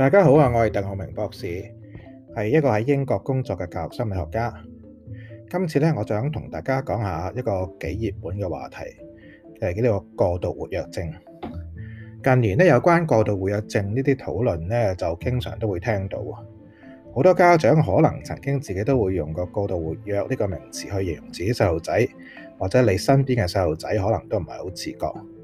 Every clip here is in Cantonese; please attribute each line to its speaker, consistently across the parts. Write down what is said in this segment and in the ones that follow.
Speaker 1: 大家好啊，我係鄧浩明博士，係一個喺英國工作嘅教育心理學家。今次咧，我想同大家講下一個幾熱門嘅話題，就係呢個過度活躍症。近年咧，有關過度活躍症呢啲討論咧，就經常都會聽到啊。好多家長可能曾經自己都會用個過度活躍呢個名詞去形容自己細路仔，或者你身邊嘅細路仔，可能都唔係好自覺。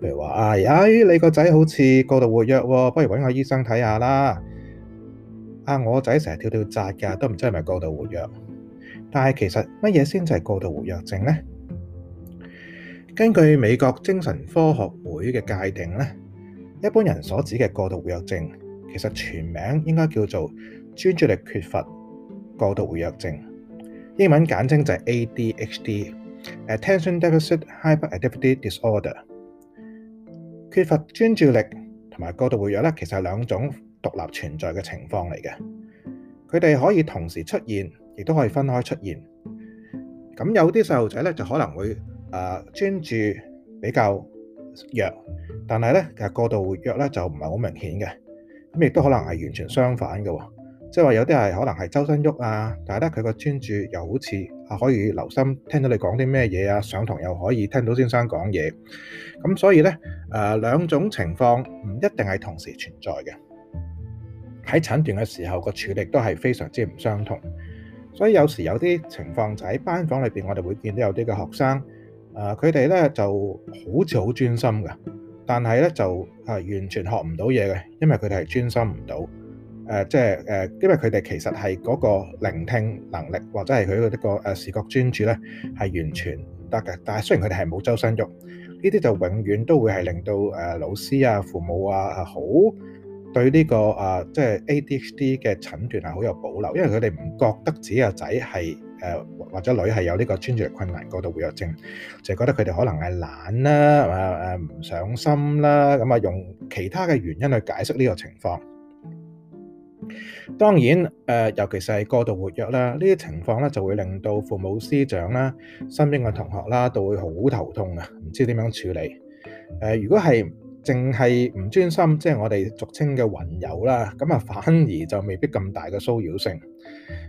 Speaker 1: 譬如話：哎哎，你個仔好似過度活躍喎、哦，不如揾下醫生睇下啦。啊，我仔成日跳跳紮㗎，都唔知係咪過度活躍。但係其實乜嘢先至係過度活躍症呢？根據美國精神科學會嘅界定呢，一般人所指嘅過度活躍症，其實全名應該叫做專注力缺乏過度活躍症，英文簡稱就係 A D H D（Attention Deficit Hyperactivity Disorder）。缺乏專注力同埋過度活躍咧，其實係兩種獨立存在嘅情況嚟嘅。佢哋可以同時出現，亦都可以分開出現。咁有啲細路仔咧，就可能會誒、呃、專注比較弱，但係咧，過度活躍咧，就唔係好明顯嘅。咁亦都可能係完全相反嘅、哦。即係話，有啲係可能係周身喐啊，但係咧佢個專注又好似啊可以留心聽到你講啲咩嘢啊，上堂又可以聽到先生講嘢，咁所以咧誒，兩種情況唔一定係同時存在嘅。喺診斷嘅時候，個處理都係非常之唔相同，所以有時有啲情況就喺班房裏邊，我哋會見到有啲嘅學生誒，佢哋咧就好似好專心嘅，但係咧就啊完全學唔到嘢嘅，因為佢哋係專心唔到。誒即係誒，因為佢哋其實係嗰個聆聽能力或者係佢嗰一個誒視覺專注咧，係完全唔得嘅。但係雖然佢哋係冇周身郁，呢啲就永遠都會係令到誒老師啊、父母啊，好對呢個啊，即係 ADHD 嘅診斷係好有保留，因為佢哋唔覺得自己個仔係誒或者女係有呢個專注力困難過度活躍症，就覺得佢哋可能係懶啦，誒誒唔上心啦，咁啊用其他嘅原因去解釋呢個情況。當然誒、呃，尤其是係過度活躍啦，呢啲情況咧，就會令到父母師長啦，身邊嘅同學啦，都會好頭痛啊，唔知點樣處理誒、呃。如果係淨係唔專心，即、就、係、是、我哋俗稱嘅雲遊啦，咁啊反而就未必咁大嘅騷擾性。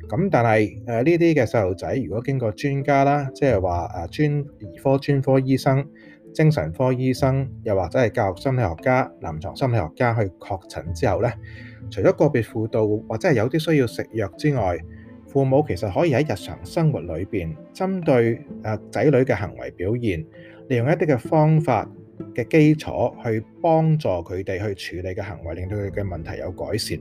Speaker 1: 咁但係誒呢啲嘅細路仔，呃、如果經過專家啦，即係話誒專兒科專科醫生。精神科醫生，又或者係教育心理學家、臨床心理學家去確診之後呢，除咗個別輔導，或者係有啲需要食藥之外，父母其實可以喺日常生活裏邊，針對誒仔女嘅行為表現，利用一啲嘅方法嘅基礎去幫助佢哋去處理嘅行為，令到佢嘅問題有改善。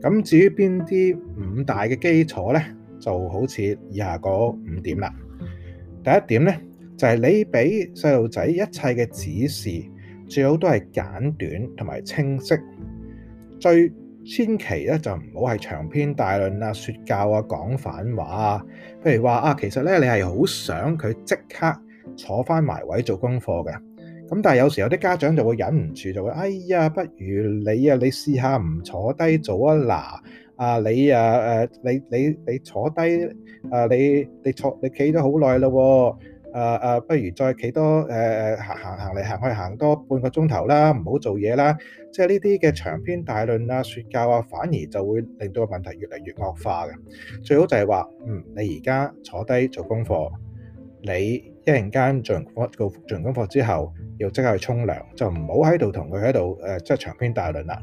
Speaker 1: 咁至於邊啲五大嘅基礎呢？就好似以下嗰五點啦。第一點呢。就係你俾細路仔一切嘅指示，最好都係簡短同埋清晰。最千祈咧就唔好係長篇大論啊、説教啊、講反話啊。譬如話啊，其實咧你係好想佢即刻坐翻埋位做功課嘅。咁但係有時候啲家長就會忍唔住，就會哎呀，不如你啊，你試、試下唔坐低做啊。嗱啊，你啊誒，你你你坐低啊，你你，你，你坐，啊，你企咗好耐咯喎。誒誒，uh, uh, 不如再企多誒、uh, 行行行嚟行去行多半個鐘頭啦，唔好做嘢啦。即係呢啲嘅長篇大論啊、説教啊，反而就會令到個問題越嚟越惡化嘅。最好就係話，嗯，你而家坐低做功課，你一陣間做完功課、做完功課之後，又即刻去沖涼，就唔好喺度同佢喺度誒，uh, 即係長篇大論啦。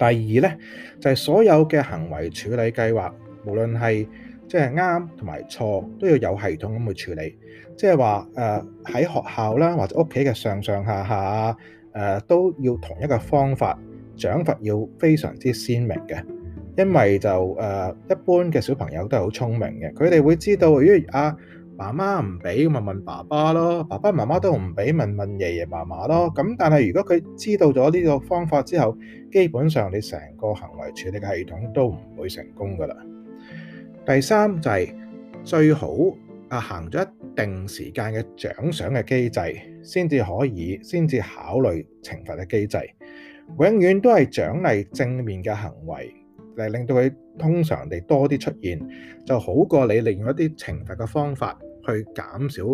Speaker 1: 第二呢，就係、是、所有嘅行為處理計劃，無論係，即係啱同埋錯都要有系統咁去處理，即係話誒喺學校啦或者屋企嘅上上下下誒、呃、都要同一個方法，獎罰要非常之鮮明嘅，因為就誒、呃、一般嘅小朋友都係好聰明嘅，佢哋會知道咦，阿媽媽唔俾咁問問爸爸咯，爸爸媽媽都唔俾問問爺爺嫲嫲咯，咁但係如果佢知道咗呢個方法之後，基本上你成個行為處理嘅系統都唔會成功噶啦。第三就係最好啊，行咗一定時間嘅獎賞嘅機制，先至可以，先至考慮懲罰嘅機制。永遠都係獎勵正面嘅行為，嚟令到佢通常地多啲出現，就好過你利用一啲懲罰嘅方法去減少，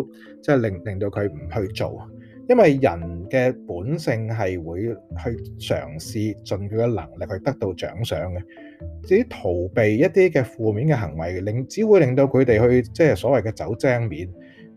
Speaker 1: 即係令令到佢唔去做。因為人嘅本性係會去嘗試盡佢嘅能力去得到獎賞嘅。至於逃避一啲嘅負面嘅行為，令只會令到佢哋去即係所謂嘅走正面，誒、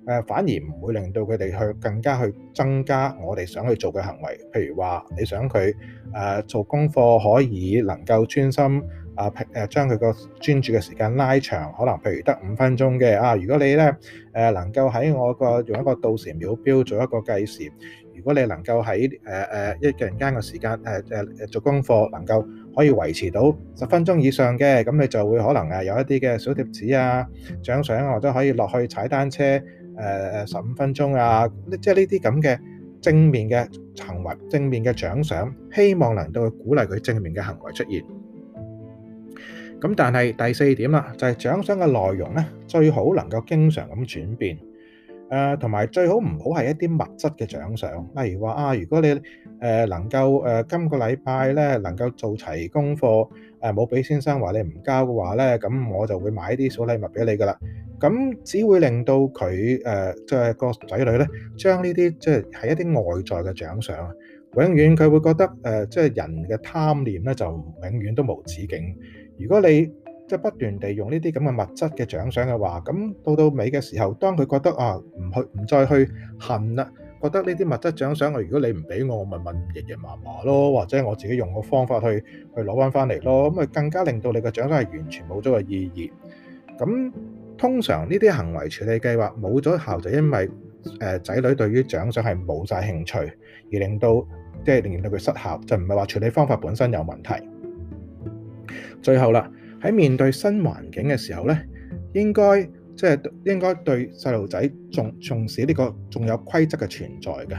Speaker 1: 呃、反而唔會令到佢哋去更加去增加我哋想去做嘅行為。譬如話，你想佢誒、呃、做功課可以能夠專心，誒、呃、誒將佢個專注嘅時間拉長，可能譬如得五分鐘嘅啊。如果你呢誒、呃、能夠喺我個用一個倒時秒表做一個計時，如果你能夠喺誒誒一陣間嘅時間誒誒、呃呃、做功課能夠。可以維持到十分鐘以上嘅，咁你就會可能誒有一啲嘅小貼紙啊、獎賞啊，或者可以落去踩單車誒誒十五分鐘啊，即係呢啲咁嘅正面嘅行為、正面嘅獎賞，希望能夠鼓勵佢正面嘅行為出現。咁但係第四點啦，就係獎賞嘅內容咧，最好能夠經常咁轉變。誒同埋最好唔好係一啲物質嘅獎賞，例如話啊，如果你誒、呃、能夠誒、呃、今個禮拜咧能夠做齊功課，誒冇俾先生你話你唔交嘅話咧，咁我就會買啲小禮物俾你噶啦。咁只會令到佢誒即係個仔女咧，將呢啲即係係一啲外在嘅獎賞，永遠佢會覺得誒即係人嘅貪念咧就永遠都無止境。如果你即係不斷地用呢啲咁嘅物質嘅獎賞嘅話，咁到到尾嘅時候，當佢覺得啊唔去唔再去恨啦，覺得呢啲物質獎賞，我如果你唔俾我，我咪問爺爺嫲嫲咯，或者我自己用個方法去去攞翻翻嚟咯，咁啊更加令到你嘅獎賞係完全冇咗個意義。咁通常呢啲行為處理計劃冇咗效，就因為誒仔女對於獎賞係冇晒興趣，而令到即係令到佢失效，就唔係話處理方法本身有問題。最後啦。喺面對新環境嘅時候咧，應該即係應該對細路仔重重視呢個仲有規則嘅存在嘅，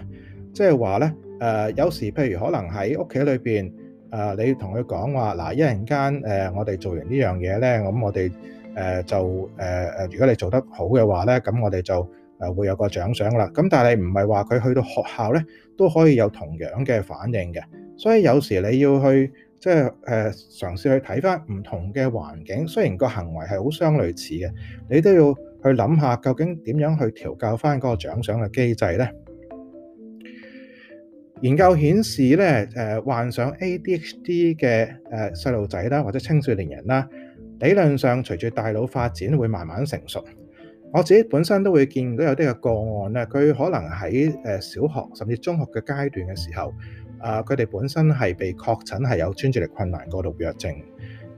Speaker 1: 即係話咧，誒、呃、有時譬如可能喺屋企裏邊，誒、呃、你同佢講話，嗱一陣間誒、呃、我哋做完呢樣嘢咧，我咁我哋誒就誒誒、呃，如果你做得好嘅話咧，咁我哋就誒會有個獎賞啦。咁但係唔係話佢去到學校咧都可以有同樣嘅反應嘅，所以有時你要去。即係誒嘗試去睇翻唔同嘅環境，雖然個行為係好相類似嘅，你都要去諗下究竟點樣去調教翻嗰個獎賞嘅機制呢？研究顯示咧誒，患上 ADHD 嘅誒細路仔啦，或者青少年人啦，理論上隨住大腦發展會慢慢成熟。我自己本身都會見到有啲嘅個案咧，佢可能喺誒小學甚至中學嘅階段嘅時候。啊！佢哋本身係被確診係有專注力困難過度弱症，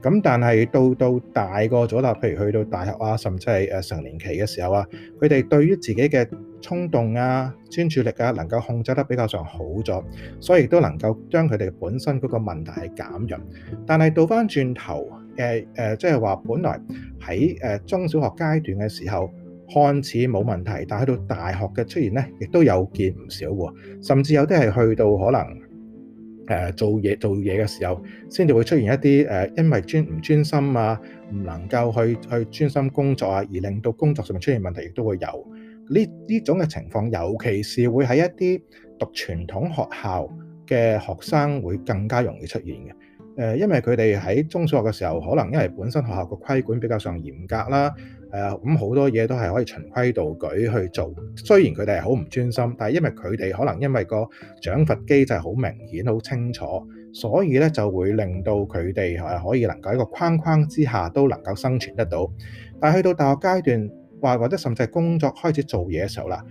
Speaker 1: 咁但係到到大個咗啦，譬如去到大學啊，甚至係誒、啊、成年期嘅時候啊，佢哋對於自己嘅衝動啊、專注力啊，能夠控制得比較上好咗，所以亦都能夠將佢哋本身嗰個問題係減弱。但係倒翻轉頭，誒、啊、誒，即係話，就是、本來喺誒、啊、中小學階段嘅時候看似冇問題，但係到大學嘅出現呢，亦都有見唔少喎，甚至有啲係去到可能，誒、呃、做嘢做嘢嘅時候，先至會出現一啲誒、呃，因為專唔專心啊，唔能夠去去專心工作啊，而令到工作上面出現問題，亦都會有呢呢種嘅情況。尤其是會喺一啲讀傳統學校嘅學生，會更加容易出現嘅。誒，因為佢哋喺中小學嘅時候，可能因為本身學校個規管比較上嚴格啦，誒、呃，咁、嗯、好多嘢都係可以循規蹈矩去做。雖然佢哋係好唔專心，但係因為佢哋可能因為個獎罰機制好明顯、好清楚，所以咧就會令到佢哋係可以能夠喺個框框之下都能夠生存得到。但係去到大學階段，話或者甚至係工作開始做嘢嘅時候啦、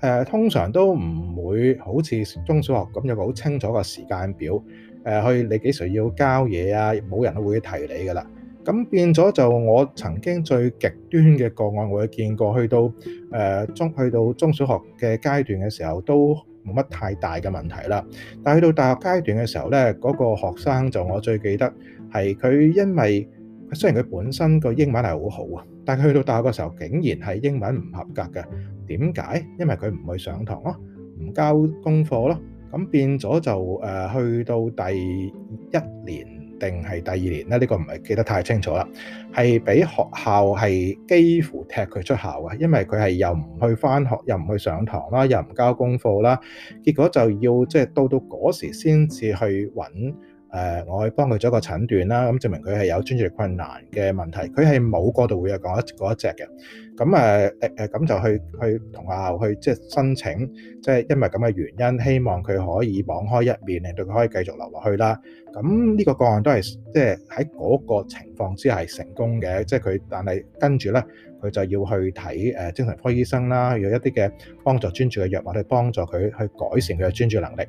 Speaker 1: 呃，通常都唔會好似中小學咁有個好清楚嘅時間表。誒去你幾時要交嘢啊？冇人都會提你噶啦。咁變咗就我曾經最極端嘅個案，我見過去到誒中去到中小學嘅階段嘅時候，都冇乜太大嘅問題啦。但係去到大學階段嘅時候呢，嗰個學生就我最記得係佢，因為雖然佢本身個英文係好好啊，但係佢去到大學嘅時候竟然係英文唔合格嘅。點解？因為佢唔去上堂咯，唔交功課咯。咁變咗就誒、呃，去到第一年定係第二年咧？呢、呢個唔係記得太清楚啦，係俾學校係幾乎踢佢出校啊！因為佢係又唔去返學，又唔去上堂啦，又唔交功課啦，結果就要即係到到嗰時先至去揾。誒，我去幫佢做一個診斷啦，咁證明佢係有專注力困難嘅問題，佢係冇過度活躍講一嗰一隻嘅。咁誒誒誒，咁就去去同學校去即係申請，即係因為咁嘅原因，希望佢可以網開一面，令到佢可以繼續留落去啦。咁呢個個案都係即係喺嗰個情況之下成功嘅，即係佢，但係跟住咧，佢就要去睇誒精神科醫生啦，有一啲嘅幫助專注嘅藥物去幫助佢去改善佢嘅專注能力。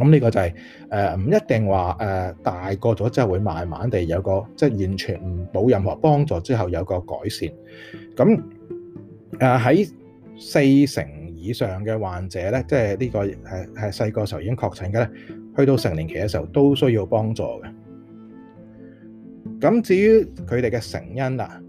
Speaker 1: 咁呢個就係誒唔一定話誒、呃、大個咗之後會慢慢地有個即係完全冇任何幫助之後有個改善。咁誒喺四成以上嘅患者咧，即係呢個係係細個時候已經確診嘅咧，去到成年期嘅時候都需要幫助嘅。咁至於佢哋嘅成因啦、啊。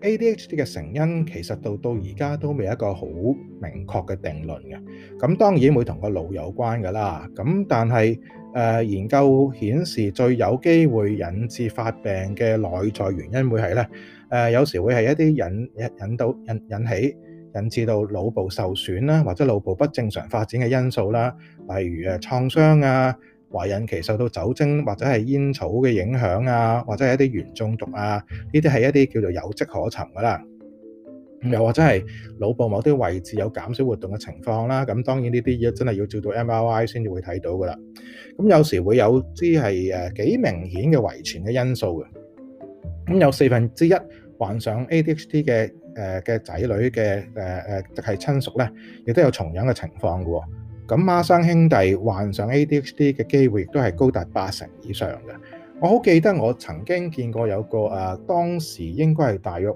Speaker 1: ADHD 嘅成因其實到到而家都未一個好明確嘅定論嘅，咁當然會同個腦有關噶啦，咁但係誒研究顯示最有機會引致發病嘅內在原因會係咧誒，有時會係一啲引引導引引起引致到腦部受損啦，或者腦部不正常發展嘅因素啦，例如誒創傷啊。懷孕期受到酒精或者係煙草嘅影響啊，或者，或者係一啲鉛中毒啊，呢啲係一啲叫做有跡可尋㗎喇。又或者係腦部某啲位置有減少活動嘅情況啦。咁當然呢啲嘢真係要照到 MRI 先至會睇到㗎喇。咁有時會有啲係誒幾明顯嘅遺傳嘅因素嘅。咁有四分之一患上 ADHD 嘅誒嘅、呃、仔女嘅誒誒係親屬咧，亦都有同樣嘅情況嘅喎。咁孖生兄弟患上 ADHD 嘅機會，亦都係高達八成以上嘅。我好記得我曾經見過有個誒、啊，當時應該係大約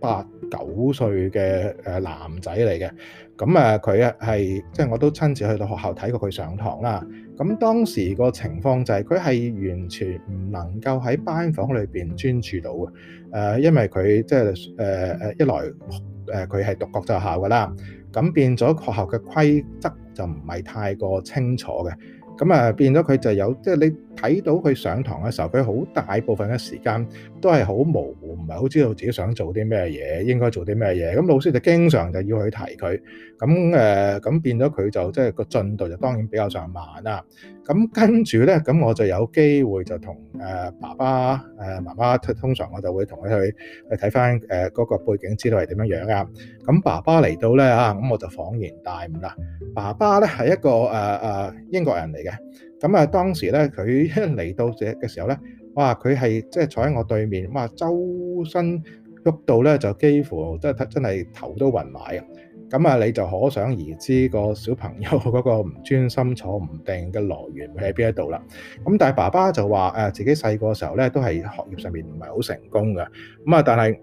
Speaker 1: 八九歲嘅誒男仔嚟嘅。咁啊，佢啊，係即係我都親自去到學校睇過佢上堂啦。咁當時個情況就係，佢係完全唔能夠喺班房裏邊專注到嘅。誒、呃，因為佢即係誒誒一來，誒、呃、佢係讀國際學校噶啦，咁變咗學校嘅規則就唔係太過清楚嘅。咁啊，變咗佢就有即係你。睇到佢上堂嘅時候，佢好大部分嘅時間都係好模糊，唔係好知道自己想做啲咩嘢，應該做啲咩嘢。咁老師就經常就要去提佢。咁誒，咁、呃、變咗佢就即係個進度就當然比較上慢啦。咁跟住咧，咁我就有機會就同誒爸爸、誒、啊、媽媽通常我就會同佢去去睇翻誒嗰個背景資料係點樣樣啊。咁爸爸嚟到咧嚇，咁我就恍然大悟啦。爸爸咧係一個誒誒、啊啊、英國人嚟嘅。咁啊，當時咧，佢一嚟到呢嘅時候咧，哇！佢係即係坐喺我對面，哇，周身喐到咧，就幾乎即係真真係頭都暈埋啊！咁啊，你就可想而知個小朋友嗰個唔專心坐唔定嘅來源喺邊一度啦。咁但係爸爸就話誒、啊，自己細個嘅時候咧，都係學業上面唔係好成功嘅。咁啊，但係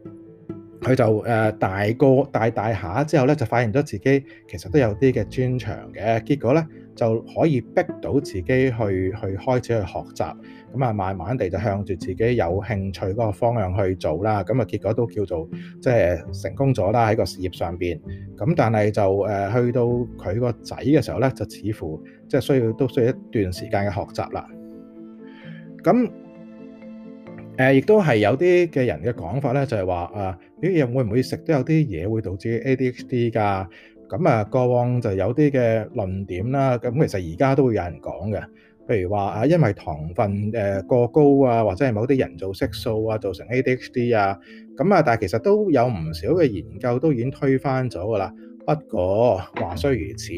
Speaker 1: 佢就誒大個大大下之後咧，就發現咗自己其實都有啲嘅專長嘅。結果咧，就可以逼到自己去去開始去學習，咁啊慢慢地就向住自己有興趣嗰個方向去做啦。咁啊結果都叫做即係成功咗啦喺個事業上邊。咁但係就誒去到佢個仔嘅時候咧，就似乎即係需要都需要一段時間嘅學習啦。咁誒亦都係有啲嘅人嘅講法咧，就係話啊，啲、呃、嘢會唔會食都有啲嘢會導致 ADHD 噶？咁啊，過往就有啲嘅論點啦，咁其實而家都會有人講嘅，譬如話啊，因為糖分誒過高啊，或者係某啲人造色素啊，造成 ADHD 啊，咁啊，但係其實都有唔少嘅研究都已經推翻咗噶啦。不過話雖如此，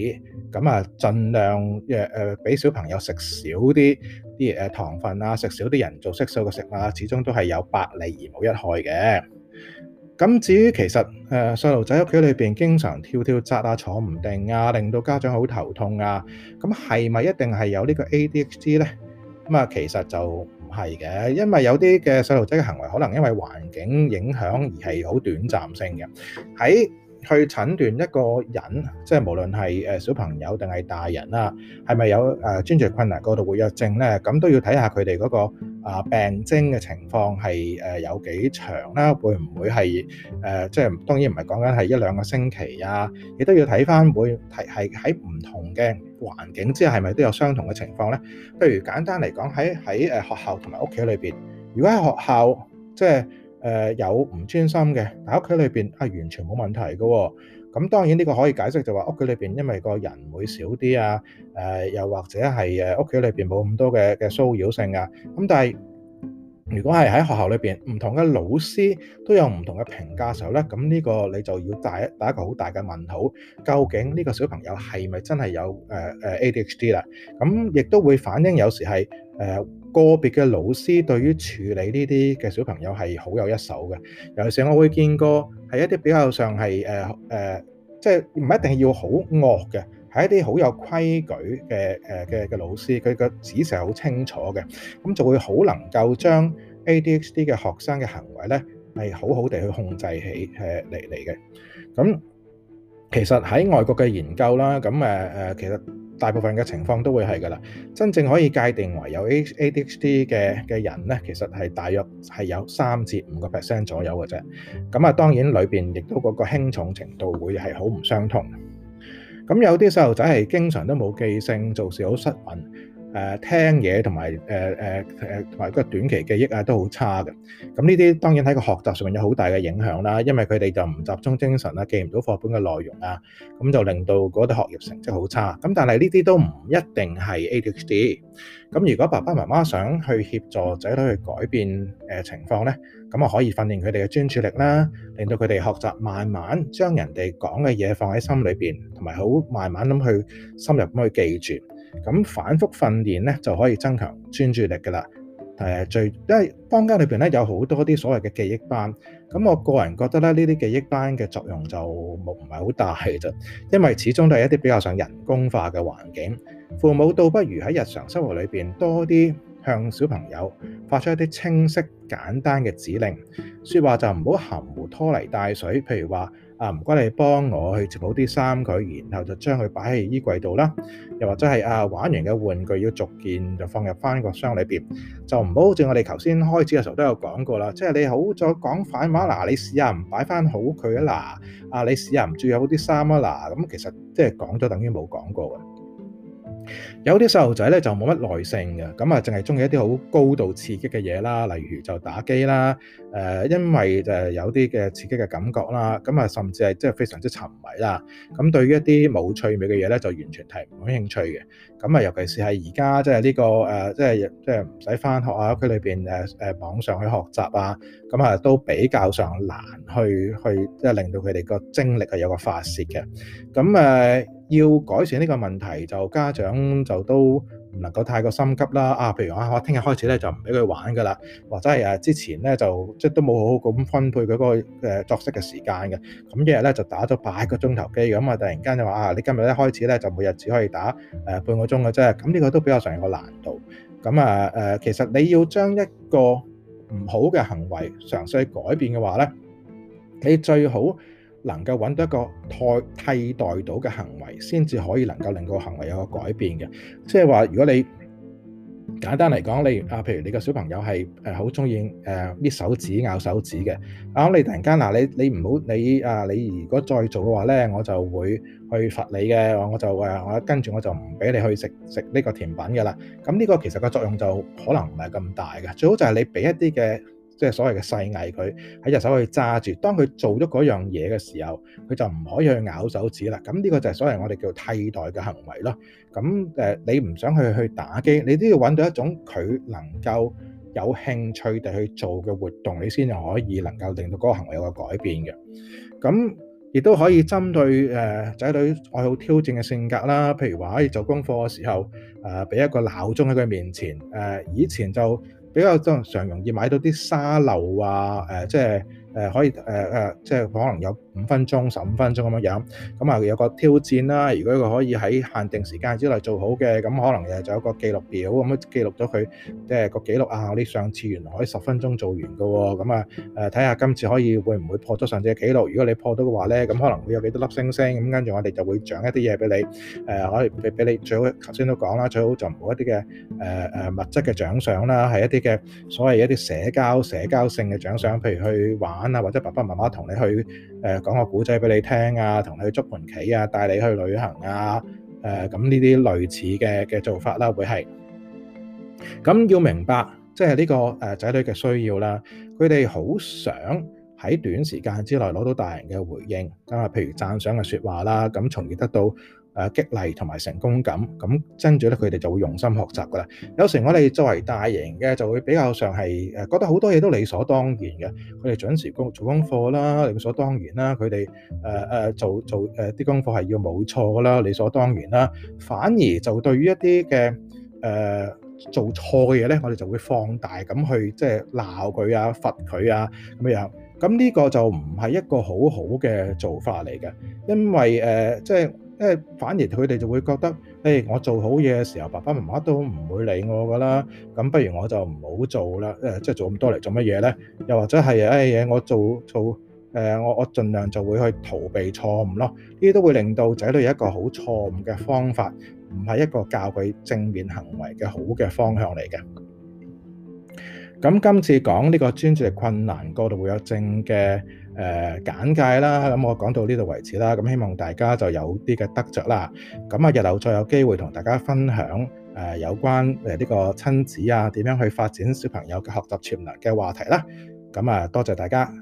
Speaker 1: 咁啊，儘量誒誒俾小朋友食少啲啲誒糖分啊，食少啲人造色素嘅食物啊，始終都係有百利而冇一害嘅。咁至於其實誒細路仔屋企裏邊經常跳跳紮啊、坐唔定啊，令到家長好頭痛啊，咁係咪一定係有呢個 ADHD 呢？咁、嗯、啊，其實就唔係嘅，因為有啲嘅細路仔嘅行為可能因為環境影響而係好短暫性嘅喺。去診斷一個人，即係無論係誒小朋友定係大人啦，係咪有誒專注困難、過度活躍症咧？咁都要睇下佢哋嗰個啊病徵嘅情況係誒有幾長啦，會唔會係誒、呃、即係當然唔係講緊係一兩個星期啊，亦都要睇翻會係係喺唔同嘅環境之下係咪都有相同嘅情況咧？譬如簡單嚟講喺喺誒學校同埋屋企裏邊，如果喺學校即係。誒有唔專心嘅，但係屋企裏邊係完全冇問題嘅。咁當然呢個可以解釋就話屋企裏邊因為個人會少啲啊，誒又或者係誒屋企裏邊冇咁多嘅嘅騷擾性啊。咁但係如果係喺學校裏邊，唔同嘅老師都有唔同嘅評價時候咧，咁呢個你就要打打一個好大嘅問號。究竟呢個小朋友係咪真係有誒誒 ADHD 啦？咁亦都會反映有時係誒。個別嘅老師對於處理呢啲嘅小朋友係好有一手嘅，尤其是我會見過係一啲比較上係誒誒，即係唔一定要好惡嘅，係一啲好有規矩嘅誒嘅嘅老師，佢個指示係好清楚嘅，咁、嗯、就會好能夠將 ADHD 嘅學生嘅行為咧係好好地去控制起誒嚟嚟嘅。咁、呃嗯、其實喺外國嘅研究啦，咁誒誒其實。大部分嘅情況都會係噶啦，真正可以界定為有 ADHD 嘅嘅人咧，其實係大約係有三至五個 percent 左右嘅啫。咁啊，當然裏邊亦都嗰個輕重程度會係好唔相同。咁有啲細路仔係經常都冇記性，做事好失魂。誒聽嘢同埋誒、誒、誒同埋個短期記憶啊都好差嘅，咁呢啲當然喺個學習上面有好大嘅影響啦，因為佢哋就唔集中精神啦，記唔到課本嘅內容啊，咁就令到嗰啲學業成績好差。咁但係呢啲都唔一定係 ADHD。咁如果爸爸媽媽想去協助仔女去改變誒情況咧，咁啊可以訓練佢哋嘅專注力啦，令到佢哋學習慢慢將人哋講嘅嘢放喺心裏邊，同埋好慢慢咁去深入咁去記住。咁反覆訓練咧，就可以增強專注力嘅啦。誒，最因為坊間裏邊咧有好多啲所謂嘅記憶班，咁我個人覺得咧，呢啲記憶班嘅作用就唔係好大嘅啫。因為始終都係一啲比較上人工化嘅環境。父母倒不如喺日常生活裏邊多啲向小朋友發出一啲清晰簡單嘅指令，説話就唔好含糊拖泥帶水，譬如話。啊，唔該，你幫我去整好啲衫佢，然後就將佢擺喺衣櫃度啦。又或者係啊，玩完嘅玩具要逐件就放入翻個箱裏邊，就唔好好似我哋頭先開始嘅時候都有講過啦。即係你好再講反話，嗱，你試下唔擺翻好佢啊嗱，啊，你試下唔注意好啲衫啊嗱，咁、啊啊、其實即係講咗，等於冇講過嘅。有啲細路仔咧就冇乜耐性嘅，咁啊淨係中意一啲好高度刺激嘅嘢啦，例如就打機啦，誒、呃，因為誒有啲嘅刺激嘅感覺啦，咁啊甚至係即係非常之沉迷啦，咁對於一啲冇趣味嘅嘢咧就完全提唔起興趣嘅。咁啊，尤其是係而家即係呢個誒，即係、呢個呃、即係唔使返學啊，佢裏邊誒誒網上去學習啊，咁啊都比較上難去去，即係令到佢哋個精力係有個發泄嘅。咁、啊、誒要改善呢個問題，就家長就都唔能夠太過心急啦啊！譬如啊，我聽日開始咧就唔俾佢玩噶啦，或者係誒之前咧就即係都冇好好咁分配佢嗰、嗰個、呃、作息嘅時間嘅。咁、嗯、一日咧就打咗八個鐘頭機，咁、嗯、我突然間就話啊，你今日一開始咧就每日只可以打誒、呃、半個鐘嘅啫。咁、嗯、呢、呢個都比較上有個難度。咁啊誒，其實你要將一個唔好嘅行為嘗試去改變嘅話咧，你最好。能夠揾到一個替替代到嘅行為，先至可以能夠令個行為有個改變嘅。即係話，如果你簡單嚟講，你啊，譬如你個小朋友係誒好中意誒搣手指咬手指嘅，咁你突然間嗱你你唔好你啊你如果再做嘅話咧，我就會去罰你嘅，我就誒我跟住我就唔俾你去食食呢個甜品嘅啦。咁呢個其實個作用就可能唔係咁大嘅，最好就係你俾一啲嘅。即係所謂嘅細藝，佢喺隻手去揸住。當佢做咗嗰樣嘢嘅時候，佢就唔可以去咬手指啦。咁呢個就係所謂我哋叫替代嘅行為咯。咁誒，你唔想去去打機，你都要揾到一種佢能夠有興趣地去做嘅活動，你先至可以能夠令到嗰個行為有個改變嘅。咁亦都可以針對誒仔女愛好挑戰嘅性格啦，譬如話可以做功課嘅時候，誒俾一個鬧鐘喺佢面前。誒以前就。比較常容易買到啲沙漏啊，誒、呃，即係。誒可以誒誒，即係可能有五分鐘、十五分鐘咁樣樣，咁啊有個挑戰啦。如果佢可以喺限定時間之內做好嘅，咁可能誒就有一個記錄表咁樣記錄咗佢，即係個記錄啊！我哋上次原來可以十分鐘做完㗎喎，咁啊誒睇下今次可以會唔會破咗上次嘅記錄？如果你破到嘅話咧，咁可能會有幾多粒星星咁，跟住我哋就會獎一啲嘢俾你。誒可以俾俾你最好頭先都講啦，最好就唔好一啲嘅誒誒物質嘅獎賞啦，係一啲嘅所謂一啲社交社交性嘅獎賞，譬如去玩。啊或者爸爸媽媽同你去誒講、呃、個古仔俾你聽啊，同你去捉盤棋啊，帶你去旅行啊，誒咁呢啲類似嘅嘅做法啦，會係咁要明白，即係呢個誒仔、呃、女嘅需要啦。佢哋好想喺短時間之內攞到大人嘅回應，咁啊，譬如讚賞嘅說話啦，咁從而得到。誒激勵同埋成功感，咁跟住咧，佢哋就會用心學習噶啦。有時我哋作為大型嘅，就會比較上係誒覺得好多嘢都理所當然嘅。佢哋準時功做功課啦，理所當然啦。佢哋誒誒做做誒啲功課係要冇錯噶啦，理所當然啦。反而就對於一啲嘅誒做錯嘅嘢咧，我哋就會放大咁去即係鬧佢啊，罰佢啊咁樣。咁呢個就唔係一個好好嘅做法嚟嘅，因為誒即係。即反而佢哋就會覺得，誒、哎、我做好嘢嘅時候，爸爸媽媽都唔會理我噶啦。咁不如我就唔好做啦。誒即係做咁多嚟做乜嘢咧？又或者係誒嘢，我做做誒、呃、我我儘量就會去逃避錯誤咯。呢啲都會令到仔女有一個好錯誤嘅方法，唔係一個教佢正面行為嘅好嘅方向嚟嘅。咁今次講呢個專注力困難過度會有正嘅。誒、呃、簡介啦，咁、嗯、我講到呢度為止啦，咁、嗯、希望大家就有啲嘅得着啦。咁、嗯、啊，日後再有機會同大家分享誒、呃、有關誒呢個親子啊點樣去發展小朋友嘅學習潛能嘅話題啦。咁、嗯、啊，多謝大家。